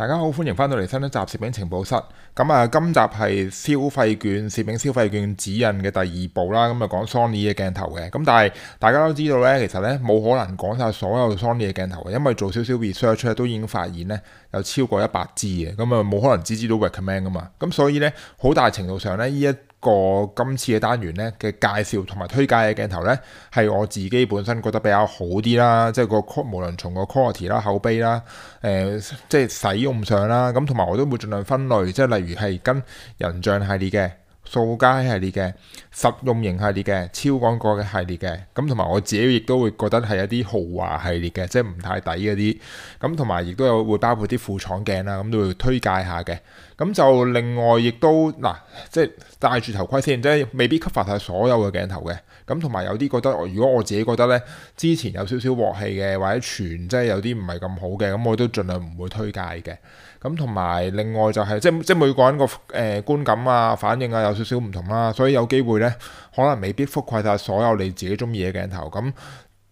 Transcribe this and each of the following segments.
大家好，歡迎翻到嚟新一集攝影情報室。咁啊，今集係消費券攝影消費券指引嘅第二部啦。咁啊，講 Sony 嘅鏡頭嘅。咁但係大家都知道咧，其實咧冇可能講晒所有 Sony 嘅鏡頭嘅，因為做少少 research 咧都已經發現咧有超過一百支嘅。咁啊，冇可能支支都 recommend 噶嘛。咁所以咧，好大程度上咧呢一個今次嘅單元咧嘅介紹同埋推介嘅鏡頭咧，係我自己本身覺得比較好啲啦，即係個無論從個 quality 啦、口碑啦、誒、呃、即係使用上啦，咁同埋我都會盡量分類，即係例如係跟人像系列嘅、掃街系列嘅。實用型系列嘅、超廣角嘅系列嘅，咁同埋我自己亦都會覺得係一啲豪華系列嘅，即係唔太抵嗰啲。咁同埋亦都有會包括啲副廠鏡啦、啊，咁都會推介下嘅。咁就另外亦都嗱、啊，即係戴住頭盔先，即係未必 cover 曬所有嘅鏡頭嘅。咁同埋有啲覺得，如果我自己覺得咧，之前有少少鑊氣嘅，或者全即係有啲唔係咁好嘅，咁我都盡量唔會推介嘅。咁同埋另外就係、是、即即每個人個誒、呃、觀感啊，反應啊有少少唔同啦、啊，所以有機會咧可能未必覆蓋晒所有你自己中意嘅鏡頭，咁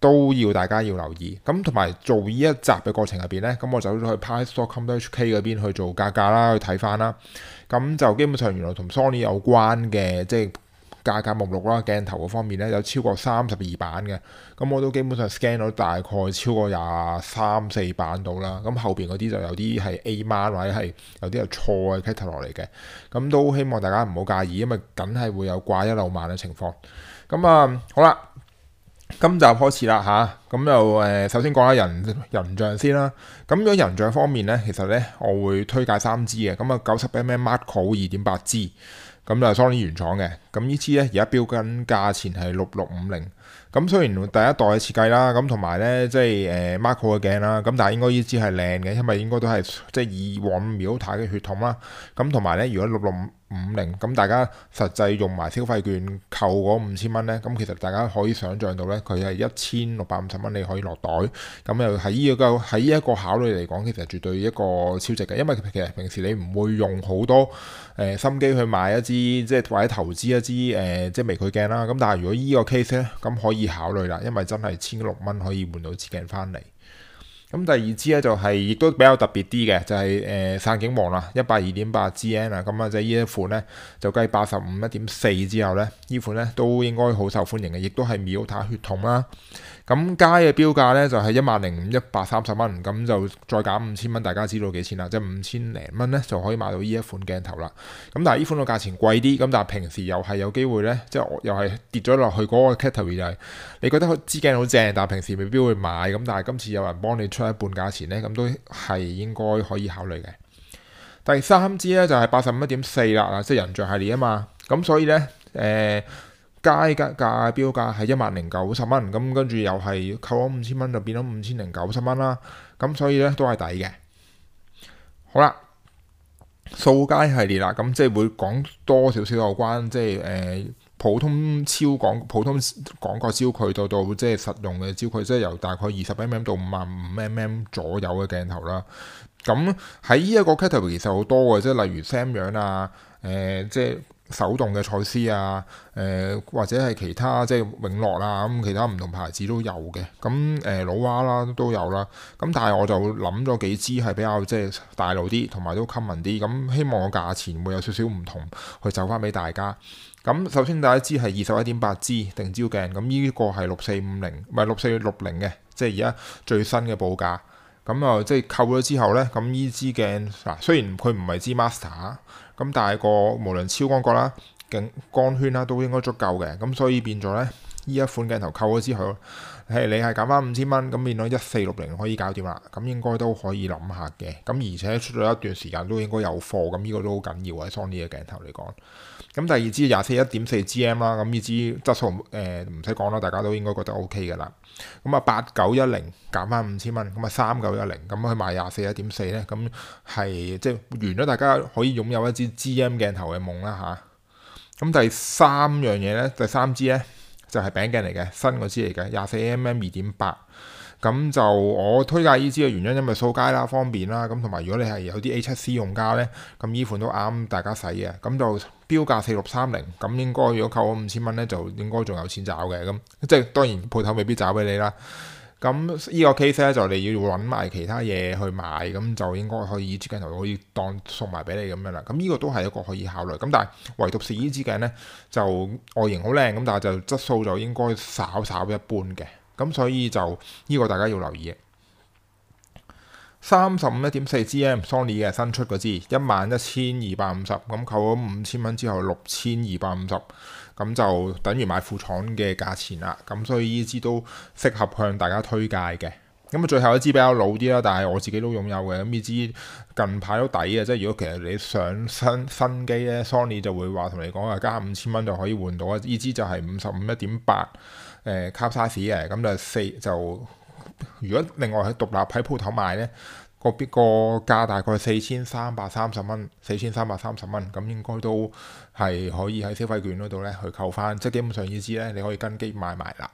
都要大家要留意。咁同埋做呢一集嘅過程入邊咧，咁我就去 Price.com.hk 嗰邊去做價格，格啦，去睇翻啦。咁就基本上原來同 Sony 有關嘅即係，價格目錄啦，鏡頭嗰方面咧有超過三十二版嘅，咁我都基本上 scan 到大概超過廿三四版到啦，咁後邊嗰啲就有啲係 A 碼或者係有啲係錯嘅 catalog 嚟嘅，咁都希望大家唔好介意，因為梗係會有掛一漏萬嘅情況。咁啊、嗯，好啦，今集開始啦吓。咁就誒首先講下人人像先啦。咁樣人像方面咧，其實咧我會推介三支嘅。咁啊，九十 mm Macro 二點八支，咁就 Sony 原廠嘅。咁呢支咧而家標緊價錢係六六五零。咁雖然第一代嘅設計啦，咁同埋咧即係誒 Macro 嘅鏡啦，咁但係應該呢支係靚嘅，因為應該都係即係以往秒太嘅血統啦。咁同埋咧，如果六六五零咁，大家實際用埋消費券扣嗰五千蚊咧，咁其實大家可以想象到咧，佢係一千六百五十蚊你可以落袋，咁又喺呢個喺依一個考慮嚟講，其實絕對一個超值嘅，因為其實平時你唔會用好多誒、呃、心機去買一支即係或者投資一支誒、呃、即係微距鏡啦。咁但係如果依個 case 咧，咁可以考慮啦，因為真係千六蚊可以換到支鏡翻嚟。咁、嗯、第二支咧就係、是、亦都比較特別啲嘅，就係、是、誒、呃、散景王啦，一百二點八 G N 啊，咁啊即係依一款咧就繼八十五一點四之後咧，款呢款咧都應該好受歡迎嘅，亦都係秒塔血統啦、啊。咁街嘅標價呢，就係一萬零五百三十蚊，咁就再減五千蚊，大家知道幾錢啦？即係五千零蚊呢，就可以買到呢一款鏡頭啦。咁但係呢款嘅價錢貴啲，咁但係平時又係有機會呢，即係我又係跌咗落去嗰個 category 就係，你覺得支鏡好正，但係平時未必會買，咁但係今次有人幫你出一半價錢呢，咁都係應該可以考慮嘅。第三支呢，就係八十五一點四啦，即係人像系列啊嘛，咁所以呢。誒、呃。街格價標價係一萬零九十蚊，咁跟住又係扣咗五千蚊，就變咗五千零九十蚊啦。咁所以咧都係抵嘅。好啦，掃街系列啦，咁即係會講多少少有關，即係誒、呃、普通超廣、普通廣角焦距到到即係實用嘅焦距，即係由大概二十 mm 到五十五 mm 左右嘅鏡頭啦。咁喺呢一個 category 其實好多嘅，即係例如 Samyang 啊，誒、呃、即係。手動嘅蔡司啊，誒、呃、或者係其他即係永樂啦，咁其他唔同牌子都有嘅，咁誒老蛙啦都有啦，咁但係我就諗咗幾支係比較即係大路啲，同埋都 common 啲，咁希望個價錢會有少少唔同，去走翻俾大家。咁首先第一支係二十一點八支定焦鏡，咁呢、這個係六四五零，唔係六四六零嘅，即係而家最新嘅報價。咁啊、嗯，即係扣咗之後咧，咁呢支鏡嗱，雖然佢唔係支 G Master，咁但係個無論超廣角啦、鏡光圈啦，都應該足夠嘅，咁、嗯、所以變咗咧。呢一款鏡頭扣咗之後，係你係減翻五千蚊，咁變到一四六零可以搞掂啦。咁應該都可以諗下嘅。咁而且出咗一段時間都應該有貨，咁呢個都好緊要啊。Sony 嘅鏡頭嚟講，咁第二支廿四一點四 G M 啦，咁呢支質素誒唔使講啦，大家都應該覺得 O K 嘅啦。咁啊八九一零減翻五千蚊，咁啊三九一零咁去賣廿四一點四咧，咁係即係圓咗大家可以擁有一支 G M 鏡頭嘅夢啦吓，咁、啊、第三樣嘢咧，第三支咧。就係餅鏡嚟嘅，新嗰支嚟嘅，廿四 mm 二點八，咁就我推介呢支嘅原因，因為掃街啦，方便啦，咁同埋如果你係有啲 A 七 C 用家呢，咁呢款都啱大家使嘅，咁就標價四六三零，咁應該如果扣我五千蚊呢，就應該仲有錢找嘅，咁即係當然鋪頭未必找俾你啦。咁依個 case 咧，就你要揾埋其他嘢去買，咁就應該可以支鏡頭可以當送埋俾你咁樣啦。咁呢個都係一個可以考慮。咁但係唯獨是呢支鏡呢，就外形好靚，咁但係就質素就應該稍稍一般嘅。咁所以就呢個大家要留意。三十五一點四 GM Sony 嘅新出嗰支，一萬一千二百五十，咁扣咗五千蚊之後六千二百五十，咁就等於買副廠嘅價錢啦。咁所以呢支都適合向大家推介嘅。咁啊，最後一支比較老啲啦，但係我自己都擁有嘅。咁呢支近排都抵嘅。即係如果其實你上新新機咧，Sony 就會話同你講啊，加五千蚊就可以換到啊。呢支就係五十五一點八，誒卡莎士嘅，咁就四就。如果另外喺獨立喺鋪頭賣咧，個必個價大概四千三百三十蚊，四千三百三十蚊咁應該都係可以喺消費券嗰度咧去扣翻，即係基本上意思知咧你可以跟機買埋啦。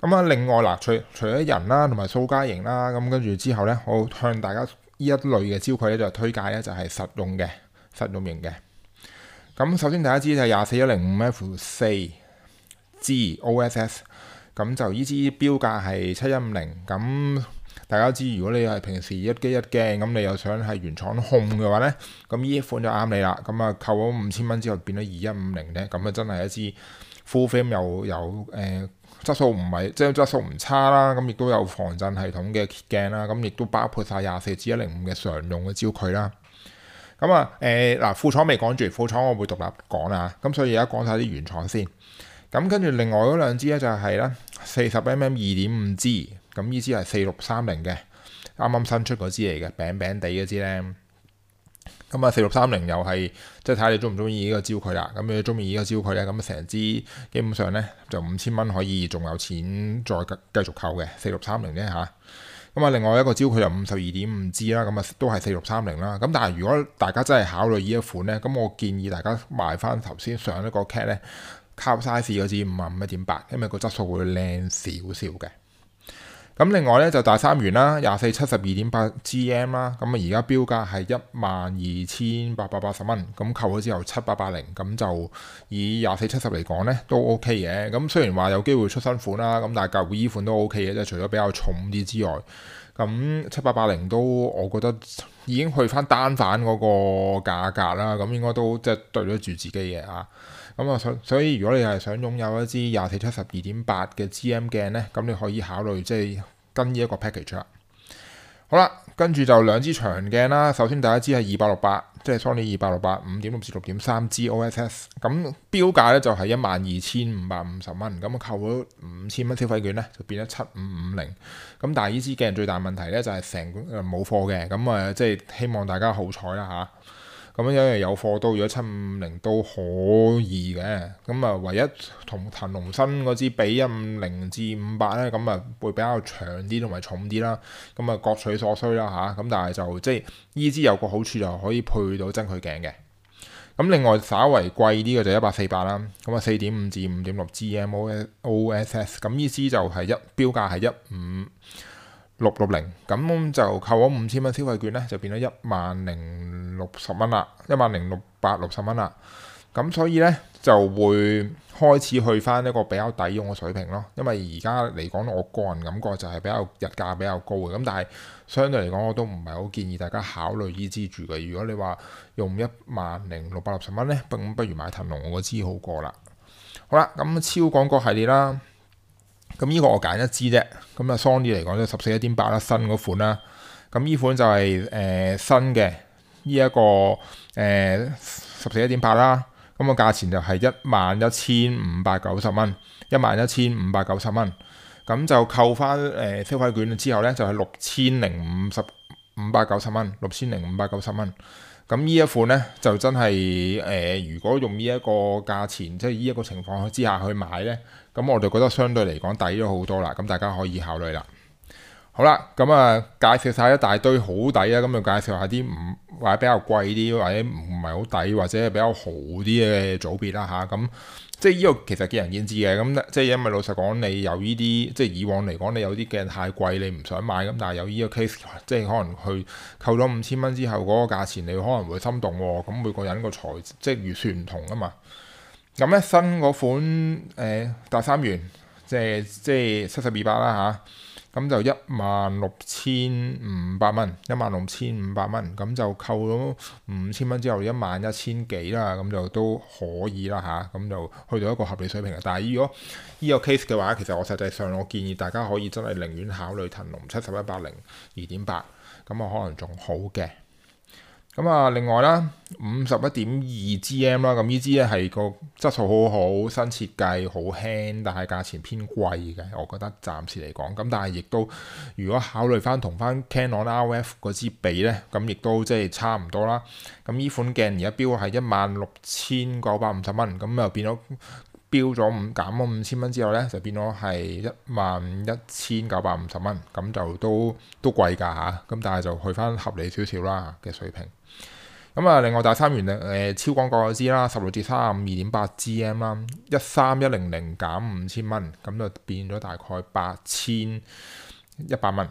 咁啊，另外嗱，除除咗人啦，同埋蘇家型啦，咁跟住之後咧，我向大家呢一類嘅焦距咧就是、推介咧就係、是、實用嘅實用型嘅。咁首先大家知就係廿四一零五 F 四 G OSS 咁就呢支標價係七一五零，咁大家知如果你係平時一機一鏡，咁你又想係原廠控嘅話咧，咁呢一款就啱你啦。咁啊，扣咗五千蚊之後變咗二一五零咧，咁啊真係一支 full frame 又有誒質、呃、素唔係即係質素唔差啦。咁亦都有防震系統嘅鏡啦，咁亦都包括晒廿四至一零五嘅常用嘅焦距啦。咁啊誒嗱，副廠未講住，副廠我會獨立講啦。咁所以而家講晒啲原廠先。咁跟住另外嗰兩支咧就係咧四十 mm 二點五 G，咁呢支係四六三零嘅，啱啱新出嗰支嚟嘅，餅餅地嗰支咧。咁啊四六三零又係即係睇下你中唔中意呢個焦距啦。咁你中意呢個焦距咧，咁成支基本上咧就五千蚊可以仲有錢再繼續扣嘅，四六三零啫吓？咁啊另外一個焦距就五十二點五 G 啦，咁啊都係四六三零啦。咁但係如果大家真係考慮呢一款咧，咁我建議大家買翻頭先上嗰個 cat 咧。卡 size 四至五啊五一點八，因為個質素會靚少少嘅。咁另外咧就大三元啦，廿四七十二點八 GM 啦，咁啊而家標價係一萬二千八百八十蚊，咁扣咗之後七八八零，咁就以廿四七十嚟講咧都 OK 嘅。咁雖然話有機會出新款啦，咁但係舊衣款都 OK 嘅，即係除咗比較重啲之外，咁七八八零都我覺得已經去翻單反嗰個價格啦，咁應該都即係、就是、對得住自己嘅嚇。咁啊、嗯，所所以如果你係想擁有一支廿四七十二點八嘅 GM 鏡呢，咁你可以考慮即係跟呢一個 package 啦。好啦，跟住就兩支長鏡啦。首先第一支係二百六八，即係 Sony 二百六八五點六至六點三 G OSS。咁標價呢就係一萬二千五百五十蚊。咁啊，扣咗五千蚊消費券呢，就變咗七五五零。咁但係呢支鏡最大問題呢，就係成個誒冇貨嘅。咁啊、呃，即係希望大家好彩啦嚇。啊咁樣有貨到，如果七五零都可以嘅，咁啊唯一同騰龍新嗰支比一五零至五百咧，咁啊會比較長啲同埋重啲啦，咁啊各取所需啦吓，咁但係就即係呢支有個好處就可以配到增距鏡嘅，咁另外稍為貴啲嘅就一百四百啦，咁啊四點五至五點六 GM OSS，咁呢支就係一標價係一五六六零咁就扣咗五千蚊消費券咧，就變咗一萬零六十蚊啦，一萬零六百六十蚊啦。咁所以咧就會開始去返一個比較抵用嘅水平咯。因為而家嚟講，我個人感覺就係比較日價比較高嘅。咁但係相對嚟講，我都唔係好建議大家考慮呢支住嘅。如果你話用一萬零六百六十蚊咧，並不如買騰龍個支好過啦。好啦，咁超廣角系列啦。咁呢個我揀一支啫，咁啊 Sony 嚟講都十四一點八啦，新嗰款啦。咁呢款就係、是、誒、呃、新嘅，呢一個誒十四一點八啦。咁、呃那個價錢就係一萬一千五百九十蚊，一萬一千五百九十蚊。咁就扣翻誒、呃、消費券之後咧，就係六千零五十五百九十蚊，六千零五百九十蚊。咁呢一款咧就真係誒、呃，如果用呢一個價錢，即係呢一個情況之下去買咧。咁我就覺得相對嚟講抵咗好多啦，咁大家可以考慮啦。好啦，咁啊介紹晒一大堆好抵啊，咁就介紹下啲唔或者比較貴啲或者唔係好抵或者比較好啲嘅組別啦吓，咁、嗯、即係呢、呢個其實見仁見智嘅，咁、嗯、即係因為老實講，你有呢啲即係以往嚟講，你有啲鏡太貴，你唔想買咁、嗯，但係有呢個 case，即係可能去扣咗五千蚊之後，嗰、嗰個價錢你可能會心動喎、啊。咁、嗯、每個人個財即係預算唔同啊嘛。咁咧，新嗰款誒、呃、大三元即係即係七十二百啦吓，咁就一萬六千五百蚊，一萬六千五百蚊，咁就扣咗五千蚊之後，一萬一千幾啦，咁就都可以啦吓，咁、啊、就去到一個合理水平嘅。但係如果呢個 case 嘅話，其實我實際上我建議大家可以真係寧願考慮騰龍七十一百零二點八，咁啊可能仲好嘅。咁啊，另外啦，五十一點二 GM 啦，咁呢支咧係個質素好好，新設計，好輕，但係價錢偏貴嘅，我覺得暫時嚟講，咁但係亦都如果考慮翻同翻 Canon RF 嗰支比咧，咁亦都即係差唔多啦。咁呢款鏡而家標係一萬六千九百五十蚊，咁又變咗。標咗五減咗五千蚊之後咧，就變咗係一萬一千九百五十蚊，咁就都都貴噶吓。咁但係就去翻合理少少啦嘅水平。咁啊，另外大三元令誒、呃、超廣角我知啦，十六至三十五二點八 G M 啦，一三一零零減五千蚊，咁就變咗大概八千一百蚊，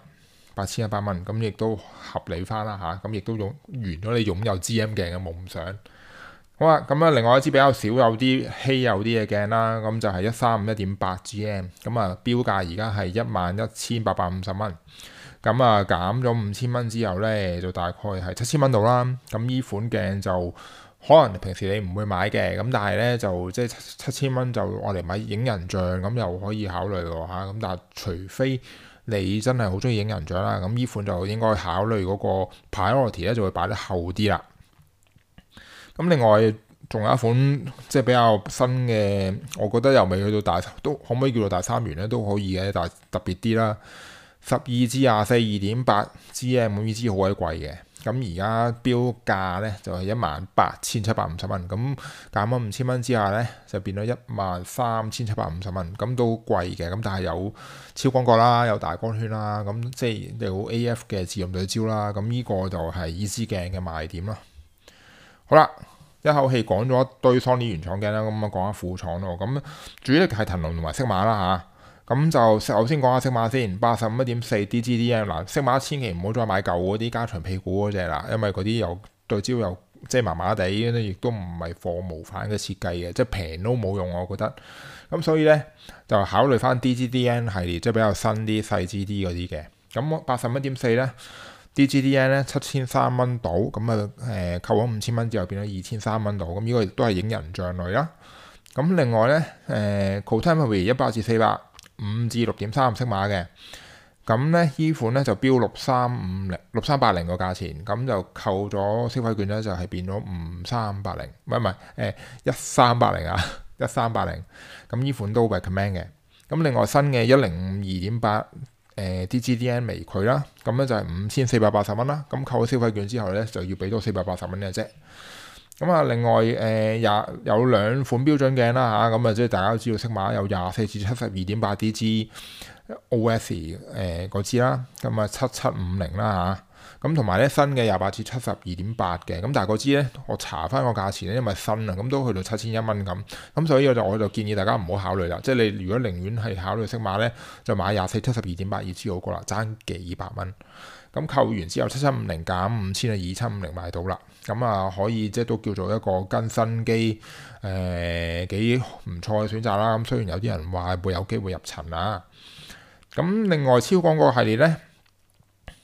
八千一百蚊，咁亦都合理翻啦吓。咁亦都用完咗你擁有 G M 鏡嘅夢想。好啊，咁啊，另外一支比較少有啲稀有啲嘅鏡啦，咁就係一三五一點八 GM，咁啊標價而家係一萬一千八百五十蚊，咁啊減咗五千蚊之後咧，就大概係七千蚊度啦。咁呢款鏡就可能平時你唔會買嘅，咁但係咧就即係七千蚊就我哋買影人像咁又可以考慮喎嚇。咁、啊、但係除非你真係好中意影人像啦，咁呢款就應該考慮嗰個 priority 嚟咧，就會擺得厚啲啦。咁另外仲有一款即係比較新嘅，我覺得又未去到大都可唔可以叫做大三元咧都可以嘅，但係特別啲啦。十二至廿四二點八 G M 呢支好鬼貴嘅，咁而家標價咧就係一萬八千七百五十蚊，咁減咗五千蚊之下咧就變咗一萬三千七百五十蚊，咁都貴嘅，咁但係有超光角啦，有大光圈啦，咁即係你好 A F 嘅自動對焦啦，咁呢個就係依支鏡嘅賣點啦。好啦，一口氣講咗一堆 Sony 原廠鏡啦，咁啊講下副廠咯。咁主力係騰龍同埋適馬啦吓，咁、啊、就首先講下適馬先，八十五一點四 DG DN 嗱，適馬千祈唔好再買舊嗰啲加長屁股嗰隻啦，因為嗰啲又對焦又即係麻麻地，亦都唔係貨無反嘅設計嘅，即係平都冇用我覺得。咁所以咧就考慮翻 DG DN 系列，即係比較新啲細支啲嗰啲嘅。咁八十五一點四咧。DGDN 咧七千三蚊到，咁啊誒扣咗五千蚊之後變咗二千三蚊到，咁、這、呢個亦都係影人像類啦。咁另外咧誒，Contemporary 一百至四百五至六點三五色碼嘅，咁咧呢款咧就標六三五零六三八零個價錢，咁就扣咗消費券咧就係、是、變咗五三八零，唔係唔係誒一三八零啊一三八零，咁、欸、呢 款都係 recommend 嘅。咁另外新嘅一零五二點八。誒 DG DN 微佢啦，咁咧就係五千四百八十蚊啦，咁扣咗消費券之後咧就要俾多四百八十蚊嘅啫。咁啊，另外誒廿、呃、有兩款標準鏡啦嚇，咁啊即係大家都知道 Sigma 有廿四至七十二點八 DG OS 誒嗰支啦，咁啊七七五零啦嚇。咁同埋咧新嘅廿八至七十二點八嘅，咁大家個知咧，我查翻個價錢咧，因為新啊，咁都去到七千一蚊咁，咁所以我就我就建議大家唔好考慮啦，即係你如果寧願係考慮 Sigma 咧，就買廿四七十二點八二支好過啦，爭幾百蚊。咁扣完之後七七五零減五千啊，二七五零買到啦，咁啊可以即係都叫做一個跟新機誒幾唔錯嘅選擇啦。咁雖然有啲人話會有機會入塵啊，咁另外超廣嗰個系列咧。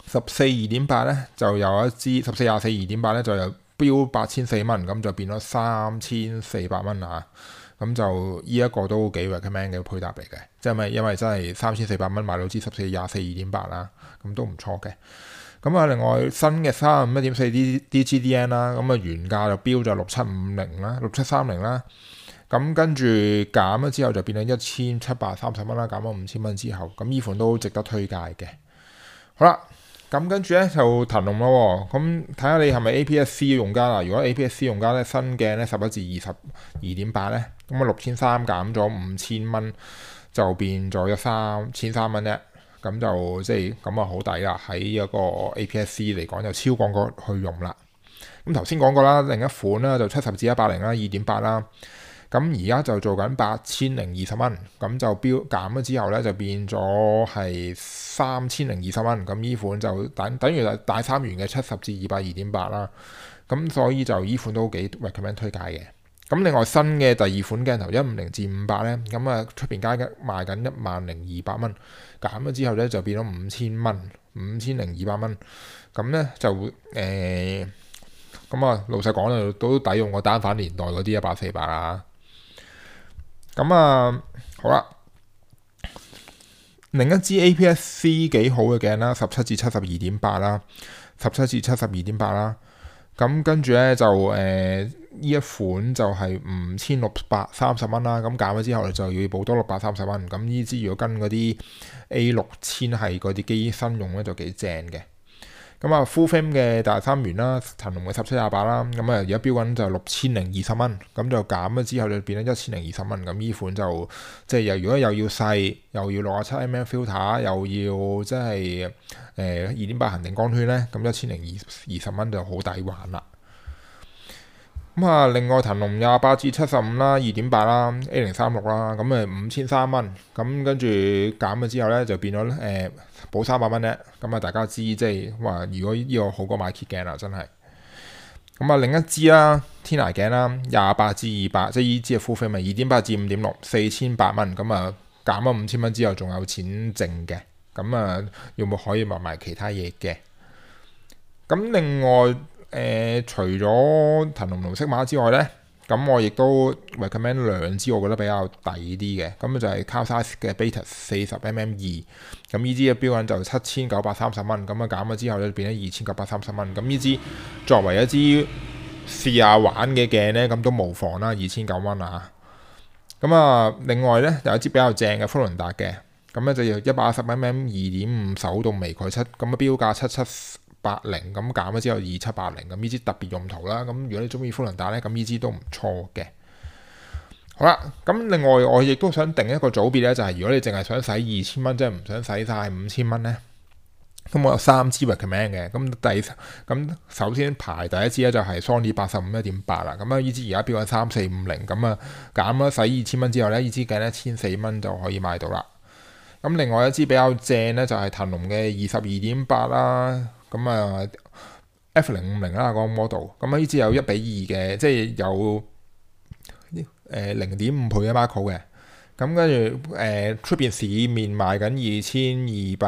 十四二點八咧，呢就有一支十四廿四二點八咧，就有標八千四蚊，咁就變咗三千四百蚊啊！咁就呢一個都幾 recommend 嘅配搭嚟嘅，即係咪因為真係三千四百蚊買到支十四廿四二點八啦，咁都唔錯嘅。咁啊，另外新嘅三五一點四 D D G D N 啦、啊，咁啊原價就標咗六七五零啦，六七三零啦，咁跟住減咗之後就變咗一千七百三十蚊啦，減咗五千蚊之後，咁、啊、呢款都值得推介嘅。好啦。咁跟住咧就騰龍咯、哦，咁睇下你係咪 APS-C 用家啦？如果 APS-C 用家咧，新鏡咧十一至二十二點八咧，咁啊六千三減咗五千蚊就變咗一三千三蚊啫，咁、嗯、就即係咁啊好抵啦！喺一個 APS-C 嚟講就超廣角去用啦。咁頭先講過啦，另一款啦就七十至一百八十啦，二點八啦。咁而家就做緊八千零二十蚊，咁就標減咗之後咧，就變咗係三千零二十蚊。咁呢款就等等於大三元嘅七十至二百二點八啦。咁所以就呢款都幾 recommend 推介嘅。咁另外新嘅第二款鏡頭一五零至五百咧，咁啊出邊加緊賣緊一萬零二百蚊，減咗之後咧就變咗五千蚊、五千零二百蚊。咁咧就誒，咁、呃、啊老實講啊，都抵用個單反年代嗰啲一百四百啊。咁啊、嗯，好啦，另一支 APS-C 幾好嘅鏡啦，十七至七十二點八啦，十七至七十二點八啦。咁、嗯、跟住咧就誒，呢、呃、一款就係五千六百三十蚊啦。咁減咗之後，你就要補多六百三十蚊。咁呢支如果跟嗰啲 A 六千係嗰啲機身用咧，就幾正嘅。咁啊，full frame 嘅大三元啦，騰龍嘅十七廿八啦，咁啊而家標緊就六千零二十蚊，咁就減咗之後就變咗一千零二十蚊咁。呢款就即係又如果又要細又要六十七 mm filter，又要即係誒二點八恒定光圈咧，咁一千零二二十蚊就好抵玩啦。咁啊，另外騰龍廿八至七十五啦，二點八啦，A 零三六啦，咁啊五千三蚊，咁跟住減咗之後咧，就變咗誒、呃、補三百蚊咧。咁啊，大家知即係話，如果依個好過買 Kit 鏡啊，真係。咁啊，另一支啦，天牙鏡啦，廿八至二百，200，即係呢支嘅付 u 咪二點八至五點六，四千八蚊。咁啊，減咗五千蚊之後，仲有錢剩嘅。咁啊，有冇可以賣埋其他嘢嘅？咁另外。誒、呃、除咗騰龍綠色碼之外呢，咁我亦都 recommend 兩支，我覺得比較抵啲嘅。咁啊就係 Carl Zeiss 嘅 Batis 四十 mm 二，咁呢支嘅標銀就七千九百三十蚊，咁啊減咗之後咧變咗二千九百三十蚊。咁呢支作為一支試下玩嘅鏡呢，咁都無妨啦，二千九蚊啊。咁啊，另外呢，又有一支比較正嘅福倫達嘅，咁咧就要一百一十 mm 二點五手動微距七，咁啊標價七七。八零，咁減咗之後二七八零，咁呢支特別用途啦，咁如果你中意福倫達咧，咁呢支都唔錯嘅。好啦，咁另外我亦都想定一個組別咧，就係、是、如果你淨係想使二千蚊，即係唔想使晒五千蚊咧，咁我有三支 recommend 嘅。咁第咁首先排第一支咧就係、是、Sony 八十五一點八啦，咁啊呢支而家飆到三四五零，咁啊減咗使二千蚊之後咧，支呢支計一千四蚊就可以買到啦。咁另外一支比較正咧就係、是、騰龍嘅二十二點八啦。咁啊，F 零五零啦，嗰 model，咁啊呢支有一比二嘅，即係有誒零點五倍嘅 macro 嘅，咁跟住誒出邊市面賣緊二千二百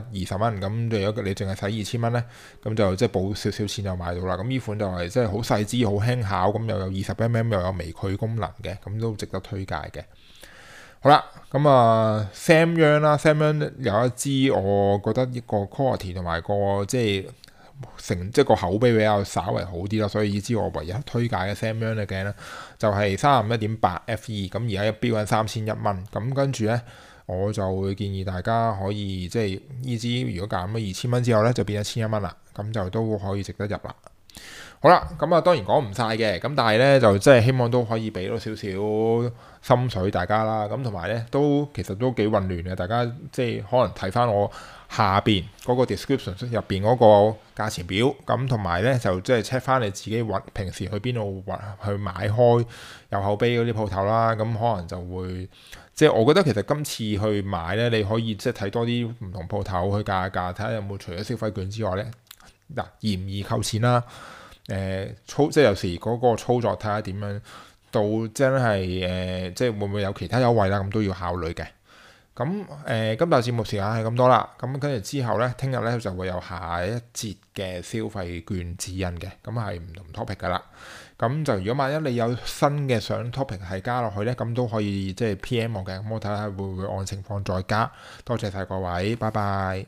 二十蚊，咁如有你淨係使二千蚊咧，咁就即係補少少錢就買到啦。咁呢款就係即係好細支、好輕巧，咁又有二十 mm 又有微距功能嘅，咁都值得推介嘅。好啦，咁啊 Samyang 啦，Samyang 有一支，我覺得一個 quality 同埋個即係成即係個口碑比較稍為好啲啦，所以依支我唯一推介嘅 Samyang 嘅鏡咧，就係三十五一點八 FE，咁而家標緊三千一蚊，咁跟住咧，我就會建議大家可以即係依支如果減咗二千蚊之後咧，就變一千一蚊啦，咁就都可以值得入啦。好啦，咁、嗯、啊當然講唔晒嘅，咁、嗯、但係呢，就即係希望都可以俾到少少心水大家啦，咁同埋呢，都其實都幾混亂嘅，大家即係可能睇翻我下邊嗰個 description 入邊嗰個價錢表，咁同埋呢，就即係 check 翻你自己揾平時去邊度揾去買開有口碑嗰啲鋪頭啦，咁、嗯、可能就會即係我覺得其實今次去買呢，你可以即係睇多啲唔同鋪頭去價價睇下有冇除咗消費券之外呢。嗱嚴易扣錢啦。誒、呃、操即係有時嗰個操作睇下點樣，到真係誒、呃，即係會唔會有其他優惠啦？咁都要考慮嘅。咁誒、呃，今日節目時間係咁多啦。咁跟住之後咧，聽日咧就會有下一節嘅消費券指引嘅。咁係唔同 topic 噶啦。咁就如果萬一你有新嘅想 topic 係加落去咧，咁都可以即係 PM 我嘅。咁我睇下會唔會按情況再加。多謝晒各位，拜拜。